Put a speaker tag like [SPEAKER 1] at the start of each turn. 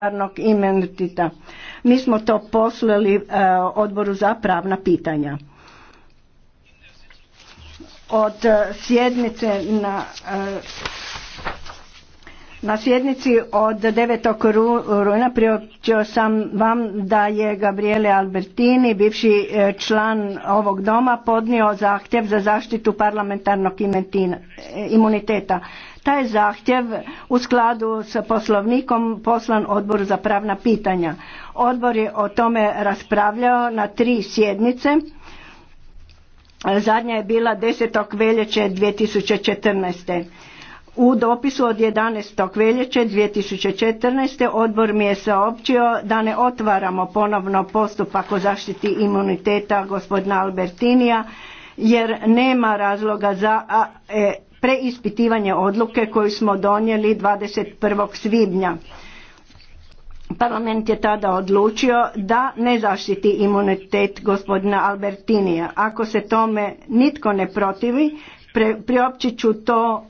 [SPEAKER 1] parlamentarnog imenitita. Mi smo to poslali e, odboru za pravna pitanja. Od e, sjednice na e, na sjednici od 9. rujna priopćio sam vam da je Gabriele Albertini, bivši e, član ovog doma, podnio zahtjev za zaštitu parlamentarnog e, imuniteta. Taj zahtjev u skladu s poslovnikom poslan odboru za pravna pitanja. Odbor je o tome raspravljao na tri sjednice. Zadnja je bila 10. veljače 2014. U dopisu od 11. veljače 2014. odbor mi je saopćio da ne otvaramo ponovno postupak o zaštiti imuniteta gospodina Albertinija jer nema razloga za e, preispitivanje odluke koju smo donijeli 21. svibnja. Parlament je tada odlučio da ne zaštiti imunitet gospodina Albertinija. Ako se tome nitko ne protivi, priopćit ću to